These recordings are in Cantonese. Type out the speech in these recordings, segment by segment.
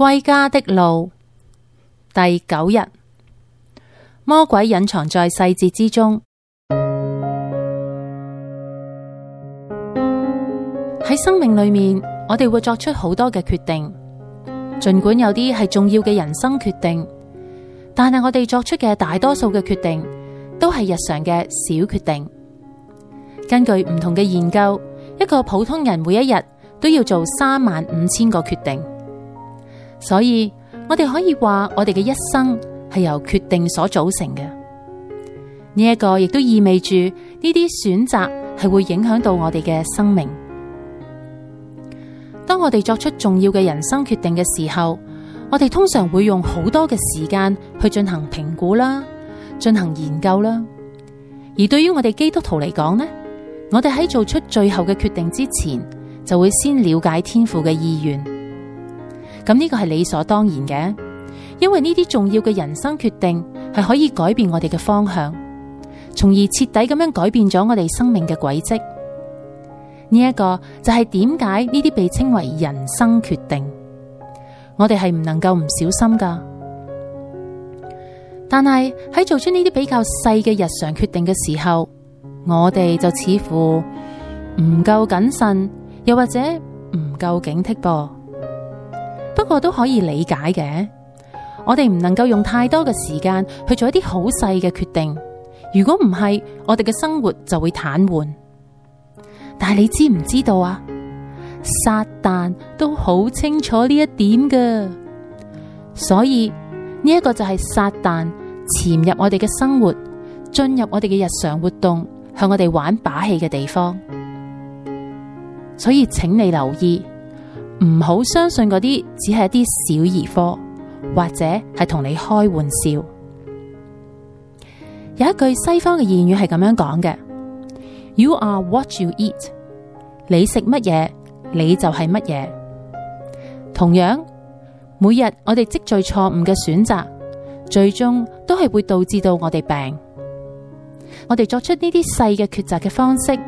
歸家的路，第九日。魔鬼隱藏在細節之中。喺 生命裏面，我哋會作出好多嘅決定，儘管有啲係重要嘅人生決定，但係我哋作出嘅大多數嘅決定都係日常嘅小決定。根據唔同嘅研究，一個普通人每一日都要做三萬五千個決定。所以我哋可以話，我哋嘅一生係由決定所組成嘅。呢一個亦都意味住呢啲選擇係會影響到我哋嘅生命。當我哋作出重要嘅人生決定嘅時候，我哋通常會用好多嘅時間去進行評估啦，進行研究啦。而對於我哋基督徒嚟講呢，我哋喺做出最後嘅決定之前，就會先了解天父嘅意願。咁呢個係理所當然嘅，因為呢啲重要嘅人生決定係可以改變我哋嘅方向，從而徹底咁樣改變咗我哋生命嘅軌跡。呢一個就係點解呢啲被稱為人生決定，我哋係唔能夠唔小心噶。但係喺做出呢啲比較細嘅日常決定嘅時候，我哋就似乎唔夠謹慎，又或者唔夠警惕噃。個都可以理解嘅，我哋唔能夠用太多嘅時間去做一啲好細嘅決定。如果唔係，我哋嘅生活就會癱瘓。但係你知唔知道啊？撒旦都好清楚呢一點噶，所以呢一個就係撒旦潛入我哋嘅生活，進入我哋嘅日常活動，向我哋玩把戲嘅地方。所以請你留意。唔好相信嗰啲，只係一啲小兒科，或者係同你開玩笑。有一句西方嘅諺語係咁樣講嘅：You are what you eat。你食乜嘢，你就係乜嘢。同樣，每日我哋積聚錯誤嘅選擇，最終都係會導致到我哋病。我哋作出呢啲細嘅抉擇嘅方式，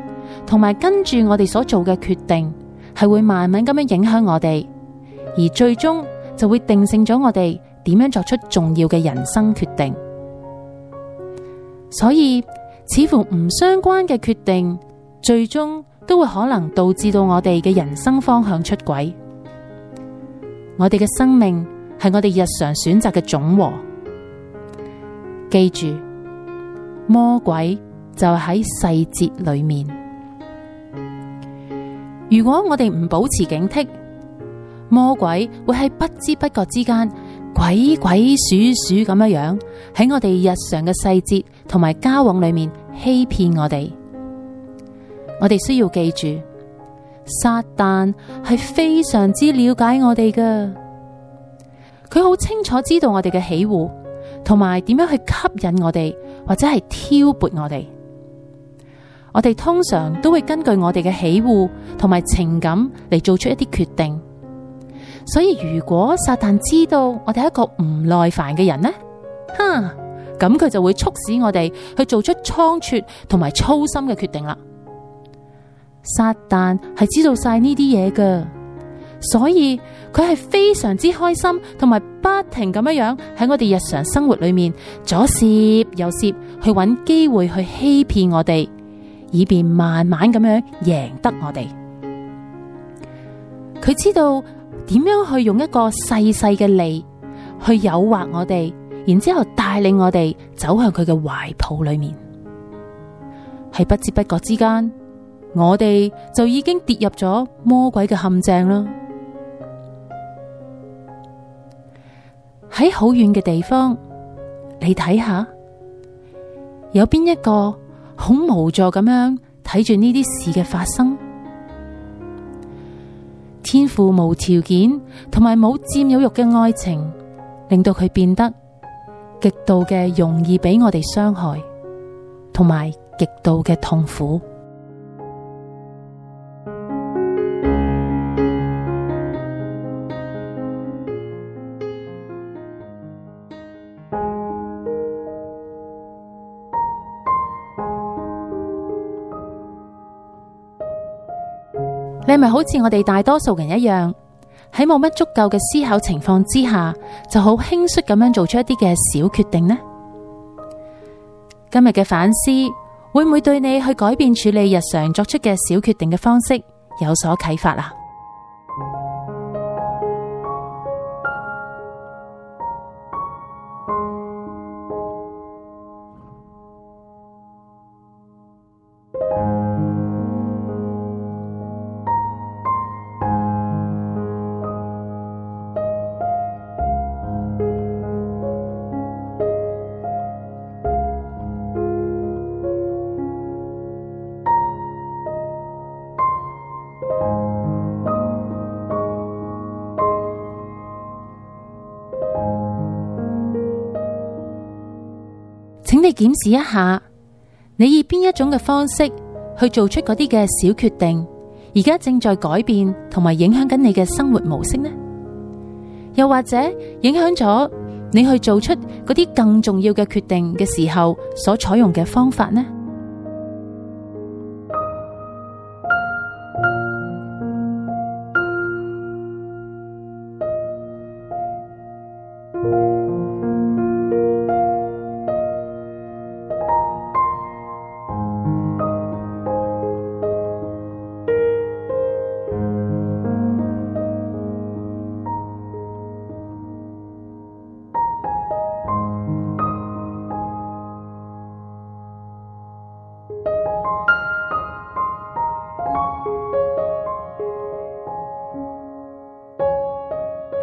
同埋跟住我哋所做嘅決定，係會慢慢咁樣影響我哋，而最終就會定性咗我哋點樣作出重要嘅人生決定。所以，似乎唔相關嘅決定，最終都會可能導致到我哋嘅人生方向出軌。我哋嘅生命係我哋日常選擇嘅總和。記住，魔鬼就喺細節裏面。如果我哋唔保持警惕，魔鬼會喺不知不覺之間鬼鬼祟祟咁樣樣喺我哋日常嘅細節同埋交往裏面欺騙我哋。我哋需要記住，撒旦係非常之了解我哋噶，佢好清楚知道我哋嘅喜惡，同埋點樣去吸引我哋或者係挑撥我哋。我哋通常都會根據我哋嘅喜惡同埋情感嚟做出一啲決定。所以如果撒旦知道我哋係一個唔耐煩嘅人呢，哼，咁佢就會促使我哋去做出倉促同埋粗心嘅決定啦。撒旦係知道晒呢啲嘢嘅，所以佢係非常之開心，同埋不停咁樣樣喺我哋日常生活裏面左攝右攝，去揾機會去欺騙我哋，以便慢慢咁樣贏得我哋，佢知道點樣去用一個細細嘅餌，去誘惑我哋，然之後帶領我哋走向佢嘅懷抱裏面，喺不知不覺之間，我哋就已經跌入咗魔鬼嘅陷阱啦。喺好遠嘅地方，你睇下有邊一個？好無助咁樣睇住呢啲事嘅發生，天父無條件同埋冇佔有慾嘅愛情，令到佢變得極度嘅容易俾我哋傷害，同埋極度嘅痛苦。你係咪好似我哋大多數人一樣喺冇乜足夠嘅思考情況之下，就好輕率咁樣做出一啲嘅小決定呢？今日嘅反思會唔會對你去改變處理日常作出嘅小決定嘅方式有所啟發啊？檢視一下，你以邊一種嘅方式去做出嗰啲嘅小決定，而家正在改變同埋影響緊你嘅生活模式呢？又或者影響咗你去做出嗰啲更重要嘅決定嘅時候所採用嘅方法呢？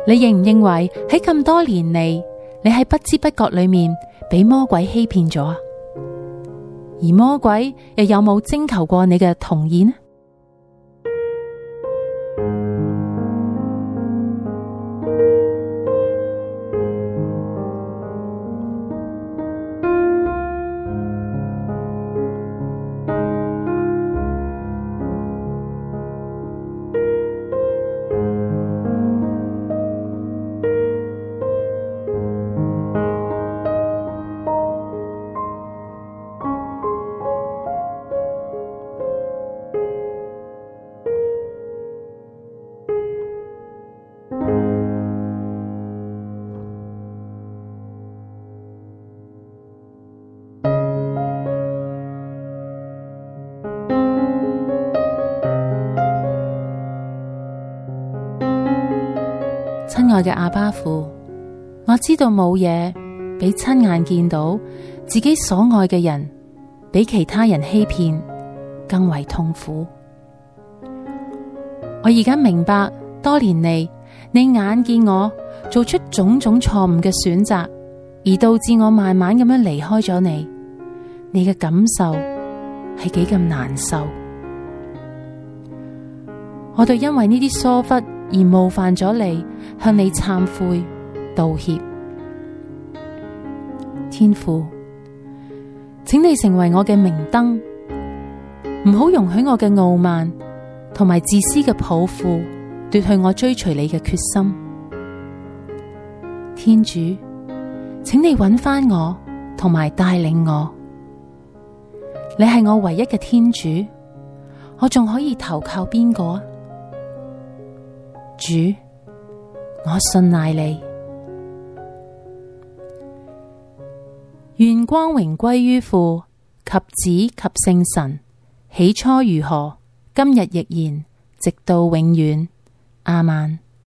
你認唔認為喺咁多年嚟，你喺不知不覺裏面俾魔鬼欺騙咗啊？而魔鬼又有冇徵求過你嘅同意呢？嘅阿爸父，我知道冇嘢比親眼見到自己所愛嘅人俾其他人欺騙更為痛苦。我而家明白，多年嚟你眼見我做出種種錯誤嘅選擇，而導致我慢慢咁樣離開咗你，你嘅感受係幾咁難受。我對因為呢啲疏忽，而冒犯咗你，向你懺悔道歉。天父，請你成為我嘅明燈，唔好容許我嘅傲慢同埋自私嘅抱負奪去我追隨你嘅決心。天主，請你揾翻我同埋帶領我。你係我唯一嘅天主，我仲可以投靠邊個啊？主，我信賴你，願光榮歸於父及子及聖神，起初如何，今日亦然，直到永遠。亞孟。